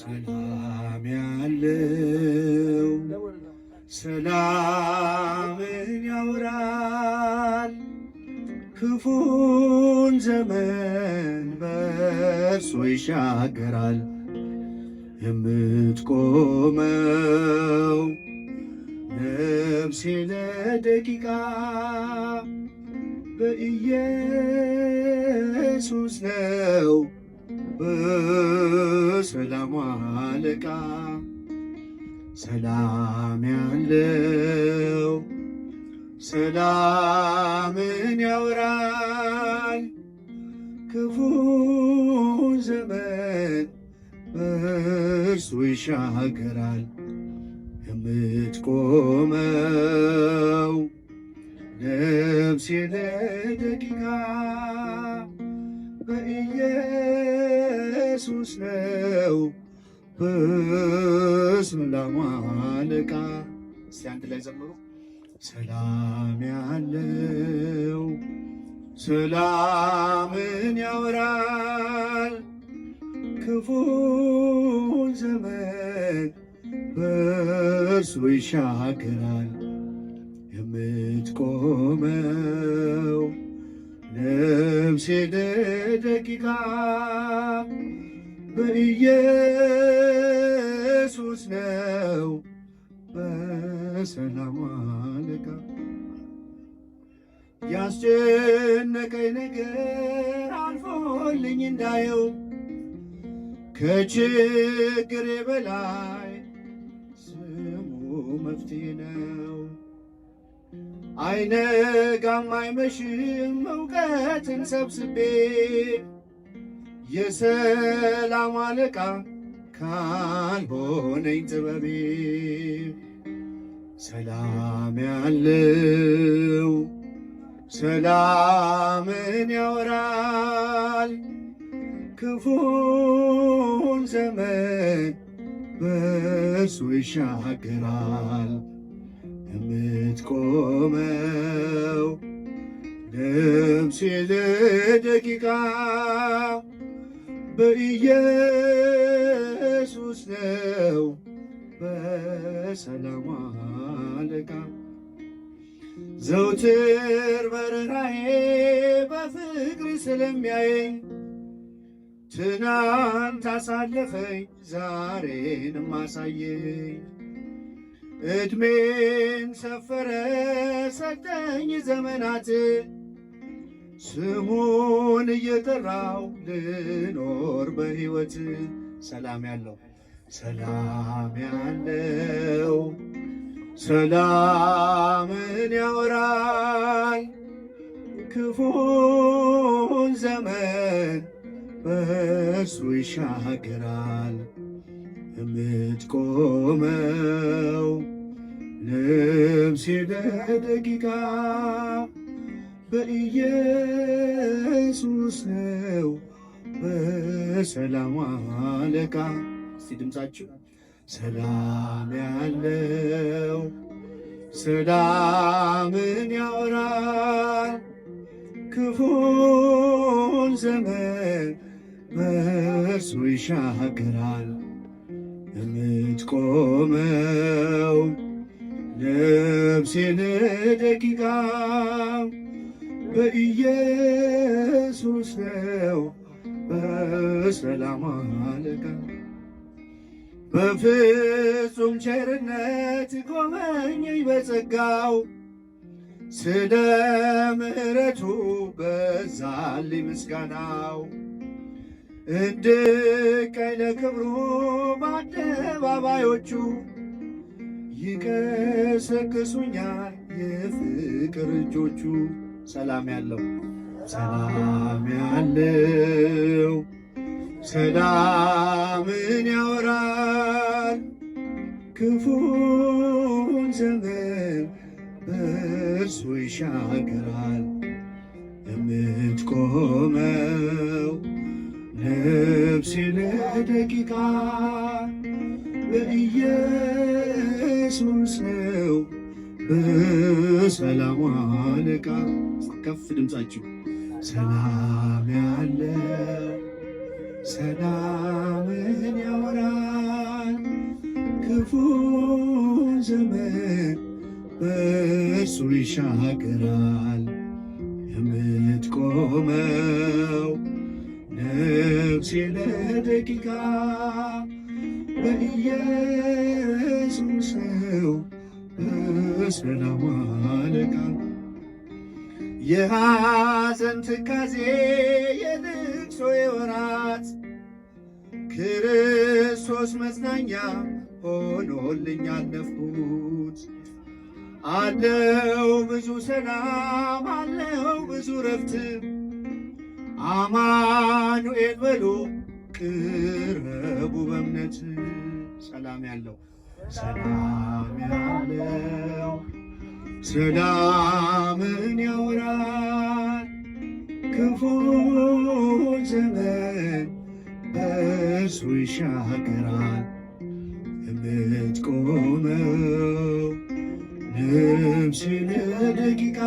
ሰላም ያለው ሰላምን ያወራል ክፉን ዘመን በእርሱ ይሻገራል። የምትቆመው ነፍሴ ለደቂቃ በኢየሱስ ነው። በሰላሟ አለቃ ሰላም ያለው ሰላምን ያወራል ክፉን ዘመን በእርሱ ይሻገራል። የምትቆመው ነፍሴ ለደቂቃ በኢየሱስ ነው በስመ ለማለቃ እስቲ አንድ ላይ ዘምሩ። ሰላም ያለው ሰላምን ያወራል ክፉን ዘመን በእርሱ ይሻገራል የምትቆመው ነፍሴ ለደቂቃ በኢየሱስ ነው በሰላም አለቃ። ያስጨነቀኝ ነገር አልፎልኝ እንዳየው ከችግሬ በላይ ስሙ መፍትሄ ነው። አይነጋም አይመሽም እውቀትን ሰብስቤ የሰላም አለቃ ካልሆነኝ ጥበቤ ሰላም ያለው ሰላምን ያወራል ክፉን ዘመን በእርሱ ይሻገራል። የምትቆመው ደምሴ ደቂቃ በኢየሱስ ነው በሰላሟ አለቃ ዘውትር በረራዬ በፍቅር ስለሚያየኝ ትናንት አሳለፈኝ ዛሬን ማሳየኝ። እድሜን ሰፈረ ሰጠኝ ዘመናት ስሙን እየጠራው ልኖር በሕይወት ሰላም ያለው ሰላም ያለው ሰላምን ያወራል ክፉን ዘመን በእርሱ ይሻገራል የምትቆመው ልብሴ ደቂቃ በኢየሱስ ነው በሰላም አለቃ። እስቲ ድምፃችሁ ሰላም ያለው ሰላምን ያወራል ክፉን ዘመን በእርሱ ይሻገራል የምትቆመ ነፍሴን ደቂቃ በኢየሱስ ነው በሰላም አለቃ በፍጹም ቸርነት ጎበኘኝ በጸጋው ስለ ምሕረቱ በዛልኝ ምስጋናው እንድቀኝ ለክብሩ በአደባባዮቹ ይቀሰቅሱኛል የፍቅር እጆቹ። ሰላም ያለው ሰላም ያለው ሰላምን ያወራል ክፉን ዘመን በእርሱ ይሻገራል። የምትቆመው ነፍሴ ለደቂቃ ለእየ ኢየሱስ ነው በሰላም አለቃ። ከፍ ድምፃችሁ ሰላም ያለ ሰላምን ያወራል ክፉ ዘመን በእርሱ ይሻገራል። የምትቆመው ነፍሴ ለደቂቃ በኢየ የሰላም አለቃ የሐዘን ትካዜ የልቅሶ የወራት ክርስቶስ መጽናኛ ሆኖልኝ አለፍኩት። አለው ብዙ ሰላም አለው ብዙ ረፍት አማኑኤል በሉ ቅረቡ በእምነት ሰላም ያለው ሰላም ያለው ሰላምን ያወራል ክፉ ዘመን በእርሱ ይሻገራል። የምትቆመው ነፍስ ለደቂቃ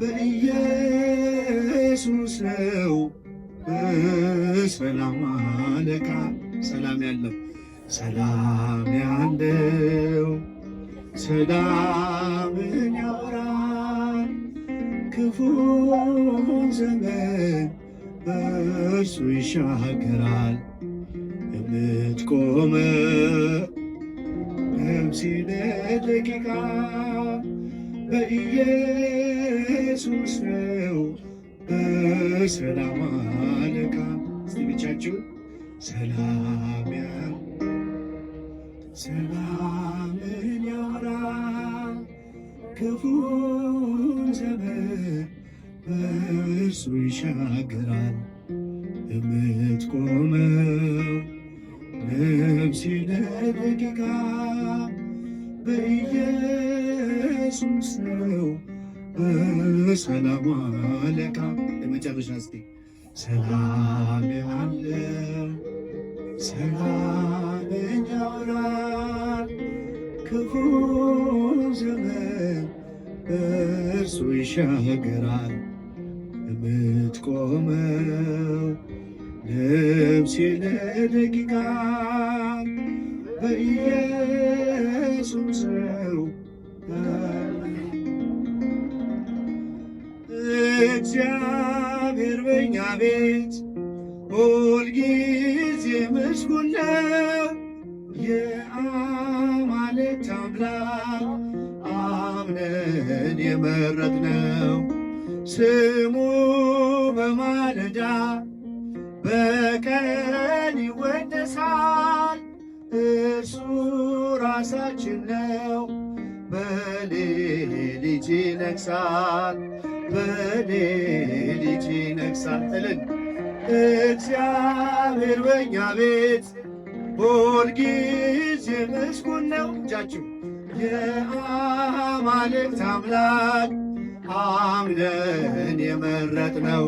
በኢየሱስ ነው በሰላም አለቃ ሰላም ያለው ሰላም ያለው ሰላምን ያወራል ክፉ ዘመን በእርሱ ይሻገራል። የምትቆመ ነፍሴን ደቂቃ በኢየሱስ ነው በሰላም አለቃ። ሰላም ያ ሰላም ክፉን ዘመን በእርሱ ይሻገራል። የምትቆመው ነፍሴ ለደቂቃ በኢየሱስ ነው በሰላም አለቃ። ለመጨረሻ እስቲ ሰላም ያለው ሰላም ያውራል ክፉ ዘመን እርሱ ይሻገራል። የምትቆመው ነፍሴ ለደቂቃ በኢየሱስ ነው። እግዚአብሔር በእኛ ቤት ሁልጊዜ ምስጉን ነው። መላእክት አምላክ አምነን ነው! ስሙ በማለዳ በቀን ይወደሳል። እርሱ ራሳችን ነው። በሌሊት ይነግሣል፣ በሌሊት ይነግሣል። እልን እግዚአብሔር በእኛ ቤት ሁልጊዜ ምስጉን ነው። እጃችሁ የአማልክት አምላክ አምነን ነው!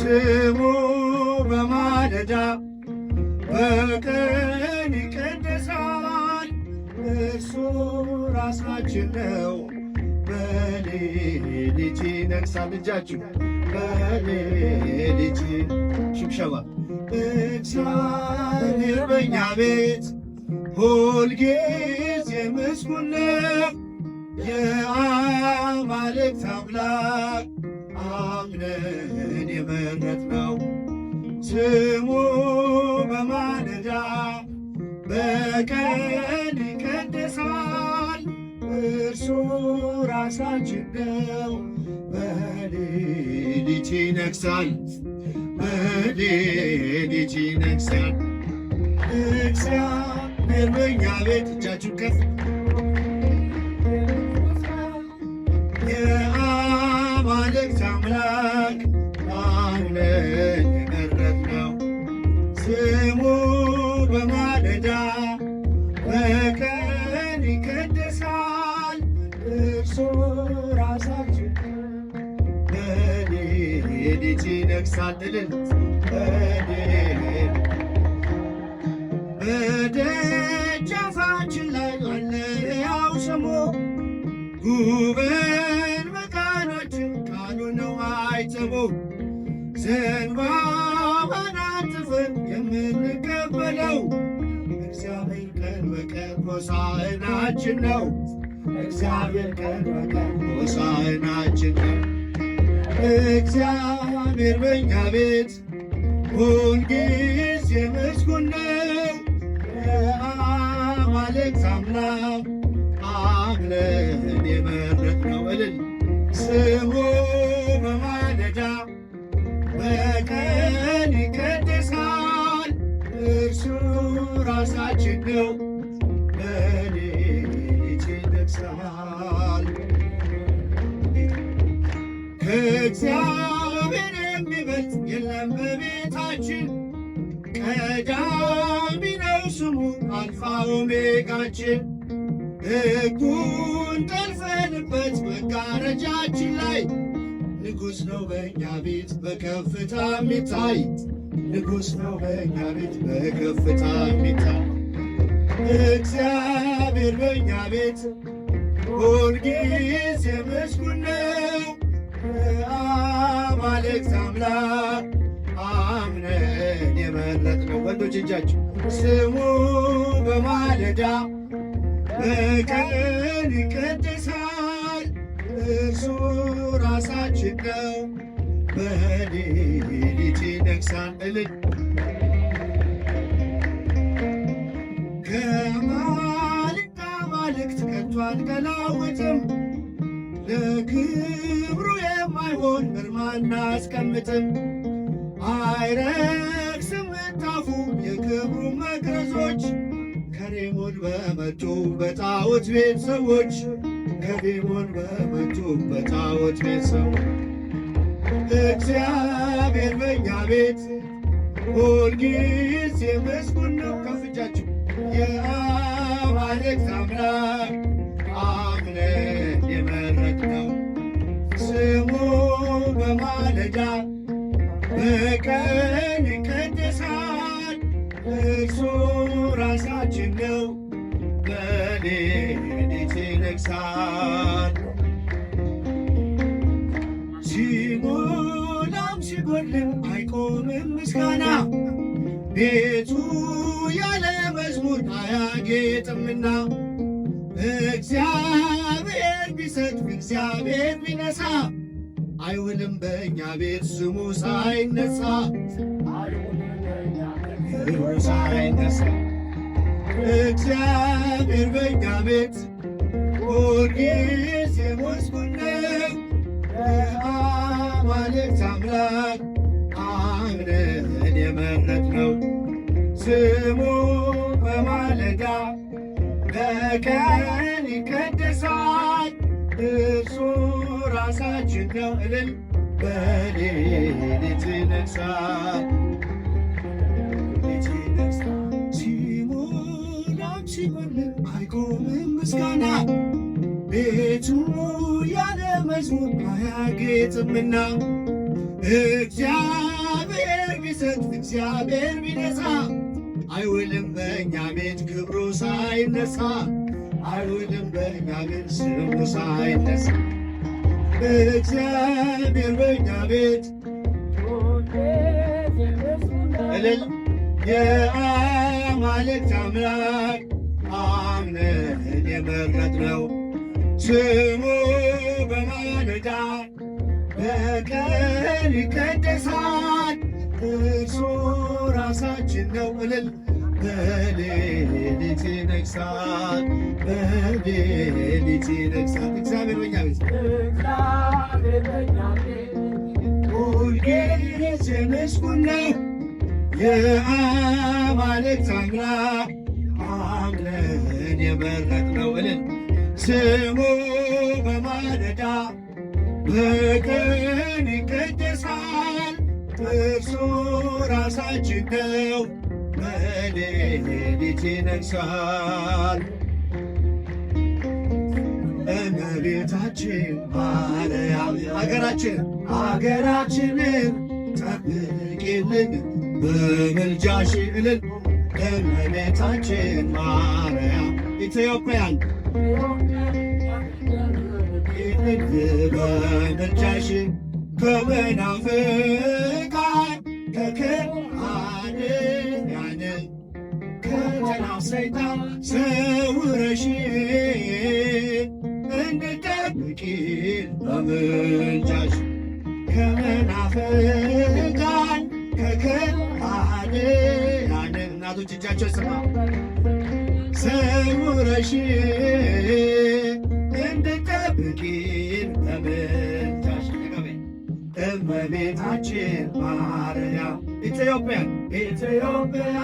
ስሙ በማለዳ በቀን ይቀደሳል። እርሱ ራሳችን ነው በሌሊት ይነግሣል። እጃችሁ በሌሊት ሽብሸባ እግዚአብሔር በእኛ ቤት ሁልጊዜ ምስጉን ነው። የአማልክት አምላክ አምነን ነው። ስሙ በማለዳ በቀን ይቀደሳል። እርሱ ራሳችን ነው፣ በሌሊት ይነግሣል። በሌሊት ይነግሣል እግዚአብሔር ቤት። እጃችሁ ከፍ የአማልክት አምላክ አብለን የመረጥነው ስሙ በማለዳ በቀን ያረግሳልን በደጃፋችን ላይ ያው ስሙ ጉበን መካኖችን ቃሉ ነው አይጽሙ ዘንባባናትፍን የምንቀበለው እግዚአብሔር ቀን በቀን ሆሳዕናችን ነው። እግዚአብሔር ቀን በቀን ሆሳዕናችን ነው። እግዚአብሔር እግዚአብሔር በኛ ቤት ሁልጊዜ ምስጉን ነው። የአማልክት አምላክ አምልኮን የመረጥነው እልል ስሙ በማለዳ በቀን ይቀድሳል። እርሱ ራሳችን ነው በሌሊት የለም በቤታችን ቀዳሚ ነው ስሙ አልፋ ኦሜጋችን ሕጉን ጠልፈንበት መጋረጃችን ላይ ንጉሥ ነው በእኛ ቤት በከፍታ የሚታይ ንጉሥ ነው በእኛ ቤት በከፍታ የሚታይ እግዚአብሔር በእኛ ቤት ሁልጊዜ ምስጉን ነው። በጌታ አምላክ አምነን የመረጥነው ወንዶች እጃችሁ ስሙ በማለዳ በቀን ይቀደሳል እርሱ ራሳችን ነው። በሌሊት ይነግሣል እልል ከማልዳ ማልክት ከቶ አንገላውጥም ለግ አይሆን ግርማ እናስቀምጥም አይረክስም ምንጣፉ የክብሩ መቅረዞች ከሬሞን በመጡ በጣዖት ቤት ሰዎች ከሬሞን በመጡ በጣዖት ቤት ሰዎች እግዚአብሔር በእኛ ቤት ሁልጊዜ ምስጉን ነው። ከፍጃችሁ የአማልክት አምላክ አምነ ደግሞ በማለዳ በቀን ይቀደሳል። እርሱ ራሳችን ነው በሌሊት ይነግሣል። ሲሞላም ሲጎድልም አይቆምም ምስጋና ቤቱ ያለ መዝሙር አያጌጥምና እግዚአብሔር ቢሰጥ እግዚአብሔር ቢነሳ አይውልም በእኛ ቤት ስሙ ሳይነሳ ሳይነሳ እግዚአብሔር በእኛ ቤት ጊዜ ሞስኩነ አማልክት አምላክ አምነን ነው ስሙ በማለዳ በቀን ይቀደሳል እርሱ ራሳችን ነው እልል በሌሊት ይነግሳል አይቆምም ምስጋና ቤቱ ያለ መዝሙር አያጌጥምና እግዚአብሔር ቢሰጥ እግዚአብሔር ቢነሳ አይውልም በእኛ ቤት ክብሩ ሳይነሳ አይውልም በእኛ ቤት ስሙ ሳይነሳ እግዚአብሔር በኛ ቤት እልል የአማልክት አምላክ አምነን የመረጥነው ስሙ በማለዳ በቀን ይቀደሳል እርሱ ራሳችን ነው እልል በሌሊት ይነግሳል፣ በሌሊት ይነግሳል። እግዚአብሔር በእኛ ቤት ሁልጊዜ ነው የአማልክት አምላክ አብለን የመረጥነው እልል ስሙ በማለዳ በቀን ይቀደሳል እርሱ ራሳችን ነው። beni bitine çal እመቤታችን ማርያም ሀገራችን ሀገራችንን ጠብቂልን በምልጃሽ እልል እመቤታችን ማርያም ኢትዮጵያን በምልጃሽ ከመናፍቃን ከክርአን አስረታ ሰውረሽ እንድጠብቂን በምልጃሽ ከመናፍቃን እናቶች እጃቸው ስማ ሰውረሽ እንድጠብቂን በምልጃሽ እመቤታችን ማርያም ኢትዮጵያ ኢትዮጵያ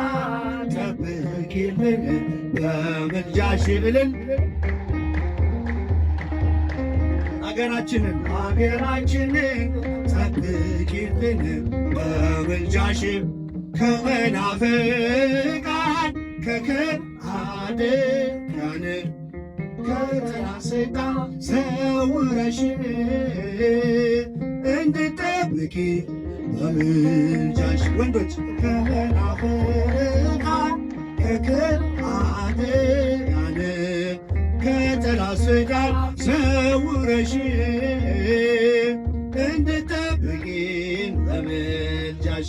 ጠብቂልን በምልጃሽ ብልን አገራችንን አገራችንን ጠብቂልን በምልጃሽ ከመናፍቃን ከከሃዲያን ከተራ ሰይጣን ሰውረሽ እንድጠብቂ በምልጃሽ ወንዶች ከመናፍቃን ከከሃዲያን ከጠላት ስጋ ሰውረሽ እንድትጠብቂን በምልጃሽ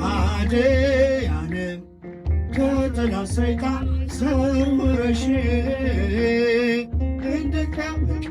ከአደያነ ከጠላት ሰይጣን ሰውረሽ እንደካመቅ